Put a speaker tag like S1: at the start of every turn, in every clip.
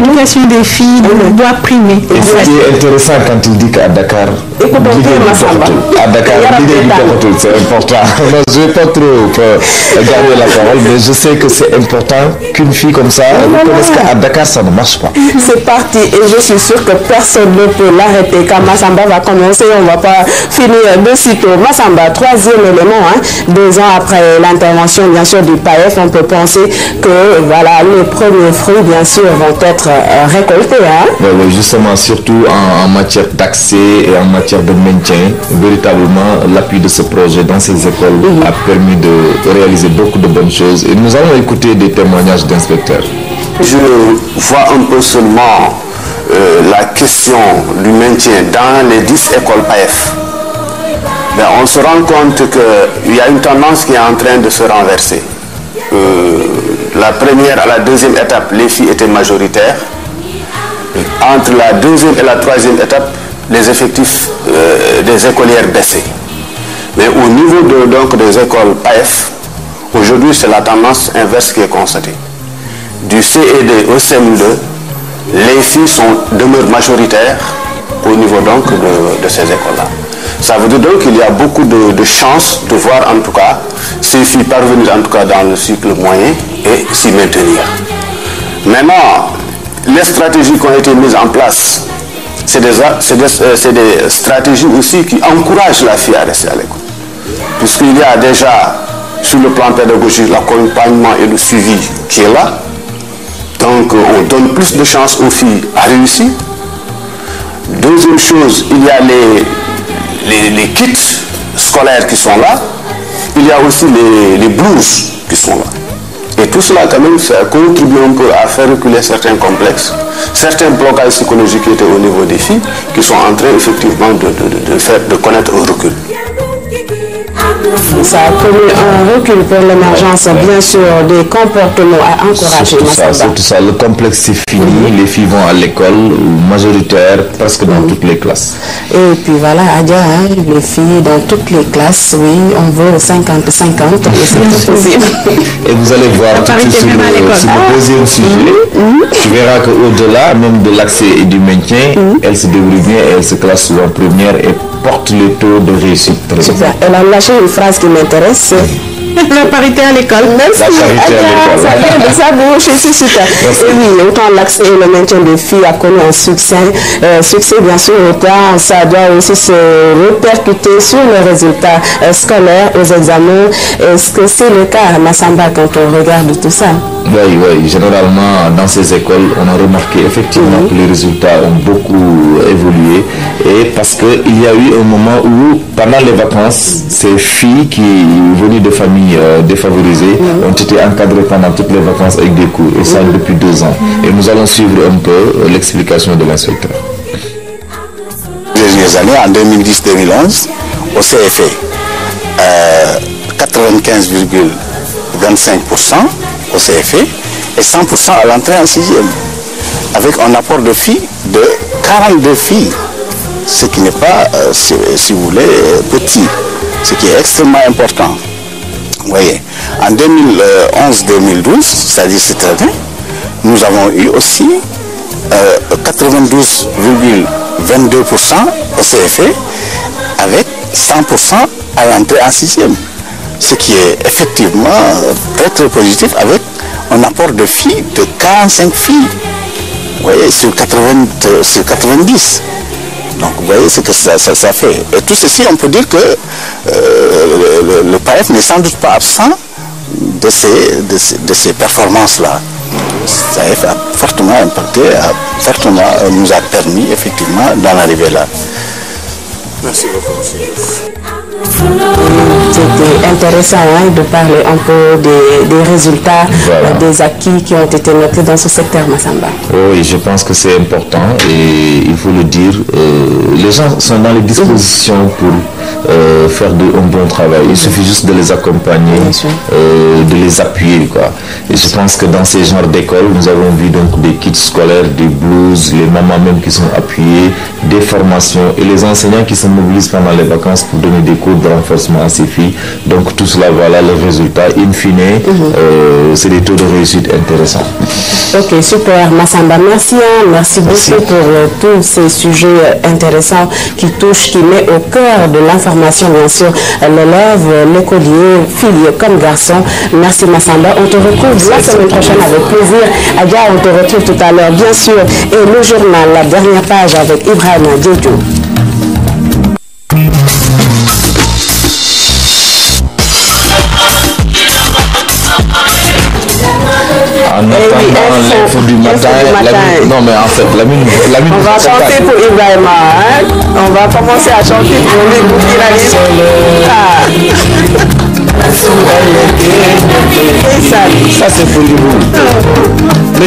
S1: L'éducation des filles oui. doit primer. C'est
S2: intéressant quand il dit qu'à Dakar,
S3: à
S2: Dakar, l'idée du c'est important. je ne vais pas trop euh, garder la parole, mais je sais que c'est important qu'une fille comme ça reconnaisse qu'à Dakar, ça ne marche
S4: pas. C'est parti et je suis sûre que personne ne peut l'arrêter. Quand Massamba va commencer, on ne va pas finir de sitôt. Massamba, troisième élément, hein. deux ans après l'intervention, bien sûr, du PAEF, on peut penser que voilà, les premiers fruits, bien sûr, vont être euh, récolté. Hein.
S2: justement, surtout en, matière d'accès et en matière de maintien, véritablement, l'appui de ce projet dans ces écoles a permis de réaliser beaucoup de bonnes choses. Et nous allons écouter des témoignages d'inspecteurs.
S3: Je vois un peu seulement euh, la question du maintien dans les 10 écoles PAF. mais ben, on se rend compte qu'il y a une tendance qui est en train de se renverser. Euh, la première à la deuxième étape, les filles étaient majoritaires. Entre la deuxième et la troisième étape, les effectifs euh, des écolières baissaient. Mais au niveau donc, des écoles AF, aujourd'hui c'est la tendance inverse qui est constatée. Du CED au CM2, les filles sont, demeurent majoritaires au niveau donc de ces écoles-là. Ça veut dire donc qu'il y a beaucoup de, chances de voir en tout cas ces filles parvenir en tout cas dans le cycle moyen et s'y maintenir. Maintenant, les stratégies qui ont été mises en place, c'est des, euh, des, stratégies aussi qui encouragent la fille à rester à l'école. Puisqu'il y a déjà sur le plan pédagogique l'accompagnement et le suivi qui est là. Donc euh, on donne plus de chances aux filles à réussir. Deuxième chose, il y a les les, kits scolaires qui sont là, il y a aussi les, blouses qui sont là. Et tout cela, quand même, ça contribue un peu à faire reculer certains complexes, certains blocages psychologiques qui étaient au niveau des filles, qui sont en train effectivement de, de, de connaître un recul.
S4: Ça a connu un recul pour l'émergence, bien sûr, des comportements à encourager. Tout tout
S2: ça. Le complexe est fini. Mhm. Les filles vont à l'école, majoritaire, presque dans mhm. toutes les classes.
S4: Et puis voilà, Adia, hein, les filles dans toutes les classes, oui, on veut 50-50, c'est possible.
S2: Et vous allez voir tout de suite le ah. deuxième mhm. sujet. Tu verras qu'au-delà même de l'accès et du maintien, elle se débrouillent bien, elle se classe souvent première et porte le taux de réussite
S5: très
S4: Elle a lâché frase que me interessa la parité à l'école. même Ça vient de sa bouche, c'est super. Et oui, autant l'accès et le maintien des filles a connu un succès. Euh, succès, bien sûr, autant ça doit aussi se répercuter sur les résultats euh, scolaires, aux examens. Est-ce que c'est le cas, Massamba, quand on regarde tout ça
S2: Oui, oui. Généralement, dans ces écoles, on a remarqué effectivement que les résultats ont beaucoup évolué. Et parce qu'il y a eu un moment où, pendant les vacances, ces filles qui venaient de familles euh, défavorisés ont été encadrés pendant toutes les vacances avec des cours, et ça depuis deux ans. Et nous allons suivre un peu euh, l'explication de l'inspecteur. Dernières années, en
S6: 2010-2011, au CFA, e, euh, 95,25% au CFA e et 100% à l'entrée en sixième, avec un apport de filles de 42 filles, ce qui n'est pas, si vous voulez, petit, ce qui est extrêmement important. En 2011-2012, c'est-à-dire cette année, nous avons eu aussi 92,22% euh, au CFE avec 100% à l'entrée en sixième. Ce qui est effectivement très très positif avec un apport de filles, de 45 filles, vous voyez, 80, sur 90. Donc vous voyez ce que ça, fait. Et tout ceci, on peut dire que euh, le, PAF n'est sans doute pas absent de ces, performances-là. Ça a fortement impacté, a fortement euh, nous a permis effectivement d'en arriver là. Merci beaucoup.
S4: C'était intéressant hein, de parler un peu des, résultats, des acquis qui ont été notés dans ce secteur Massamba.
S2: Oui, je pense que c'est important et il faut le dire. Euh, les gens sont dans les dispositions pour euh, faire un bon travail. Il suffit juste de les accompagner, euh, de les appuyer. Quoi. Et je pense que dans ces genres d'école, nous avons vu donc des kits scolaires, des blues, les mamans même qui sont appuyées, des formations et les enseignants qui se mobilisent pendant les vacances pour donner des cours de renforcement à ces filles. Donc tout cela, voilà le résultat. In fine, mhm. euh, c'est des taux de réussite intéressants.
S4: Ok, super. Massamba, merci. Hein. Merci beaucoup pour tous ces sujets intéressants qui touchent, qui met au cœur de l'information bien sûr, l'élève, l'écolier, fille comme garçon. Merci Massamba. On te retrouve la semaine prochaine avec plaisir. Aga, on te retrouve tout à l'heure, bien sûr. Et le journal, la dernière page avec Ibrahim Diédiou.
S2: Eh on va chanter pour
S4: Ibrahima. Hein. On va commencer à chanter pour lui, ah. Ça, c'est pour Mais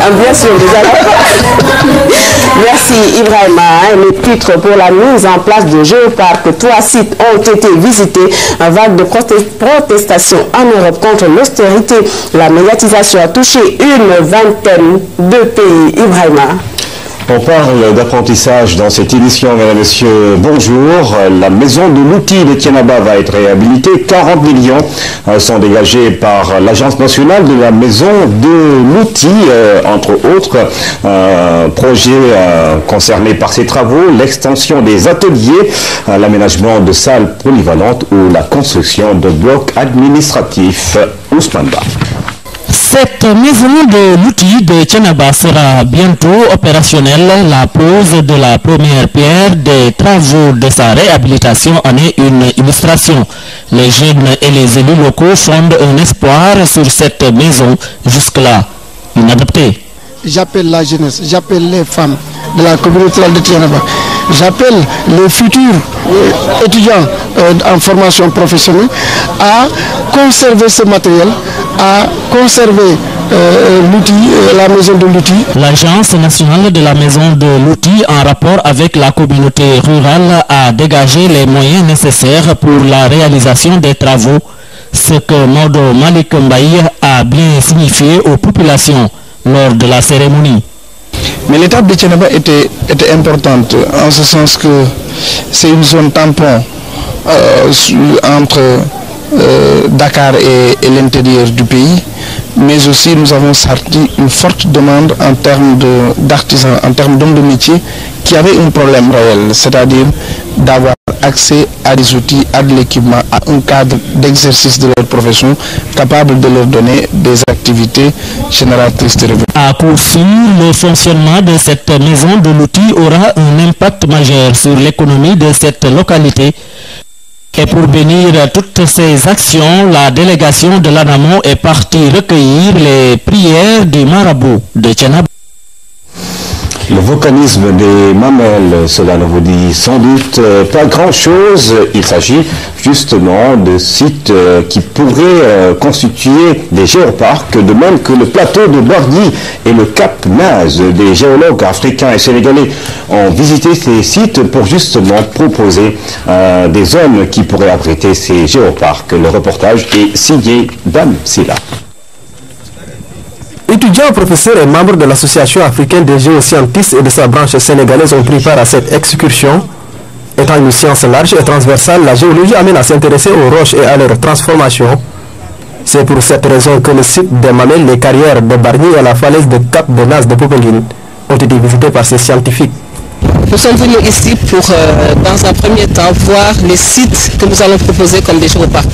S4: Ah, bien sûr, Merci Ibrahima. Hein, les titres pour la mise en place de géoparc, trois sites ont été visités. Un vague de protestations en Europe contre l'austérité. La médiatisation a touché une vingtaine de pays. Ibrahima.
S5: On parle d'apprentissage dans cette émission, mesdames et messieurs. Bonjour. La maison de l'outil de Abba va être réhabilitée. 40 millions euh, sont dégagés par l'Agence nationale de la maison de l'outil, euh, entre autres projets euh, concernés par ces travaux, l'extension des ateliers, l'aménagement de salles polyvalentes ou la construction de blocs administratifs. Ousmane
S7: cette maison de l'outil de Tchenaba sera bientôt opérationnelle. La pose de la première pierre des travaux de sa réhabilitation en est une illustration. Les jeunes et les élus locaux fondent un espoir sur cette maison jusque-là J'appelle la
S6: jeunesse, j'appelle les femmes de la communauté de Tianaba, J'appelle les futurs
S7: euh, étudiants euh, en formation professionnelle à conserver ce matériel à conserver euh, l'outil, euh, la maison de l'outil. L'Agence nationale de la maison de l'outil, en rapport avec la communauté rurale, a dégagé les moyens nécessaires pour la réalisation des travaux, ce que Modo Malik Mbaye a bien signifié aux populations lors de la cérémonie.
S6: Mais l'étape de Tchénaba était, importante, en ce sens que c'est une zone tampon euh, entre euh, Dakar et, l'intérieur du pays, mais aussi nous avons sorti une forte demande en termes d'artisans, en termes d'hommes de métier qui avaient un problème réel, c'est-à-dire d'avoir accès à des outils, à de l'équipement, à un cadre d'exercice de leur profession capable de leur donner des activités génératrices de revenus.
S7: À court le fonctionnement de cette maison de l'outil aura un impact majeur sur l'économie de cette localité et pour bénir toutes ces actions, la délégation de l'ANAMO est partie recueillir les prières du marabout de Tchenab.
S5: Le volcanisme des mamelles, cela ne vous dit sans doute euh, pas grand-chose. Il s'agit justement de sites euh, qui pourraient euh, constituer des géoparcs, de même que le plateau de Bardi et le Cap Naz. Des géologues africains et sénégalais ont visité ces sites pour justement proposer des zones qui pourraient abriter ces géoparcs. Le reportage est signé Dame Silla
S7: étudiants, professeurs et membres de l'Association africaine des géoscientistes et de sa branche sénégalaise ont pris part à cette excursion. Étant une science large et transversale, la géologie amène à s'intéresser aux roches et à leur transformation. C'est pour cette raison que le site des mamelles, les carrières de Barnier et la falaise de Cap de Nas de Popeline ont été visités par ces scientifiques
S1: nous sommes venus ici pour, euh, dans un premier temps, voir les sites que nous allons proposer comme des géoparcs.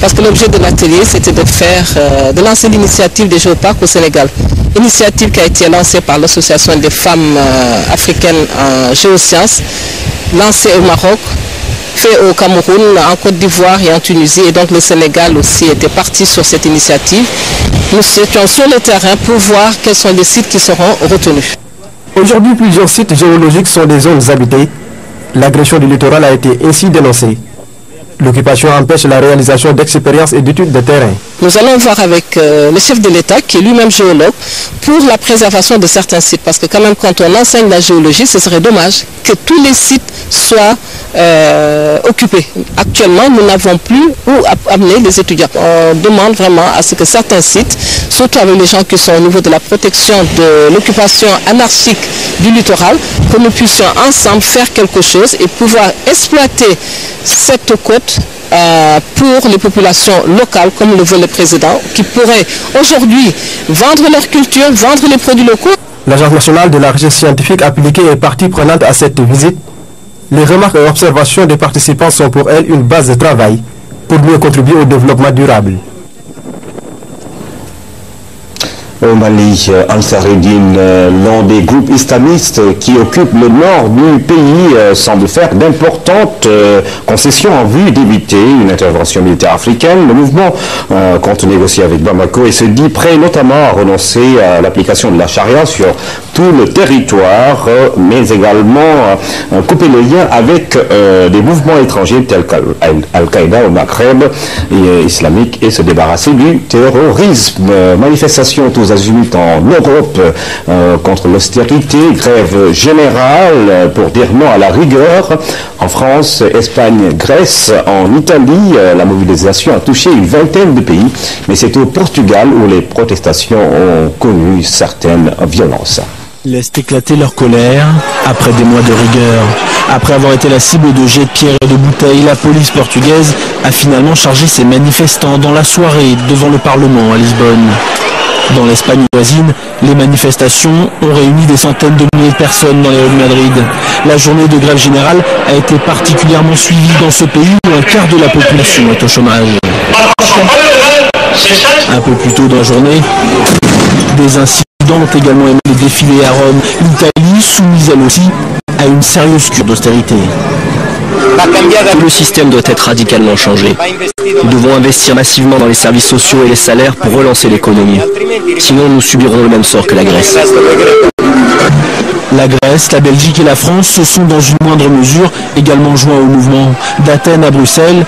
S1: Parce que l'objet de l'atelier, c'était de faire, euh, de lancer l'initiative des géoparcs au Sénégal. Initiative qui a été lancée par l'Association des femmes euh, africaines en géosciences, lancée au Maroc, fait au Cameroun, en Côte d'Ivoire et en Tunisie. Et donc le Sénégal aussi était parti sur cette initiative. Nous étions sur le terrain pour voir quels sont les sites qui seront retenus. Aujourd'hui, plusieurs sites
S7: géologiques sont des zones habitées. L'agression du littoral a été ainsi dénoncée. L'occupation empêche la réalisation d'expériences et d'études de terrain.
S1: Nous allons voir avec euh, le chef de l'État, qui est lui-même géologue, pour la préservation de certains sites. Parce que quand même, quand on enseigne la géologie, ce serait dommage que tous les sites soient euh, occupés. Actuellement, nous n'avons plus où amener les étudiants. On demande vraiment à ce que certains sites, surtout avec les gens qui sont au niveau de la protection de l'occupation anarchique du littoral, que nous puissions ensemble faire quelque chose et pouvoir exploiter cette côte euh, pour les populations locales, comme le veut le président, qui pourraient aujourd'hui vendre leur culture, vendre les produits locaux.
S7: L'Agence nationale de la recherche scientifique appliquée est partie prenante à cette visite. Les remarques et observations des participants sont pour elle une base de travail pour mieux contribuer au développement durable.
S5: au Mali, al Al-Saridine, euh, l'un des groupes islamistes qui occupent le nord du pays, euh, semble faire d'importantes euh, concessions en vue d'éviter une intervention militaire africaine. Le mouvement compte négocier avec Bamako et se dit prêt notamment à renoncer à l'application de la charia sur tout le territoire, mais également à couper les liens avec des mouvements étrangers tels qu'Al-Qaïda au Maghreb islamique et se débarrasser du terrorisme. Manifestation tous en Europe euh, contre l'austérité, grève générale pour dire non à la rigueur. En France, Espagne, Grèce, en Italie, euh, la mobilisation a touché une vingtaine de pays, mais c'est au Portugal où les protestations ont connu certaines violences
S7: laissent éclater leur colère après des mois de rigueur. Après avoir été la cible de jets de pierre et de bouteilles, la police portugaise a finalement chargé ses manifestants dans la soirée devant le Parlement à Lisbonne. Dans l'Espagne voisine, les manifestations ont réuni des centaines de milliers de personnes dans les rues de Madrid. La journée de grève générale a été particulièrement suivie dans ce pays où un quart de la population est au chômage. Un peu plus tôt dans la journée, des incidents ont également été défilés à Rome.
S1: L'Italie, soumise elle aussi, à une sérieuse cure d'austérité. Tout le système doit être radicalement changé. Nous devons investir massivement dans les services sociaux et les salaires pour relancer l'économie. Sinon, nous subirons le même sort que la Grèce.
S5: La Grèce, la Belgique et la France se sont dans une moindre mesure également joints au mouvement d'Athènes à Bruxelles.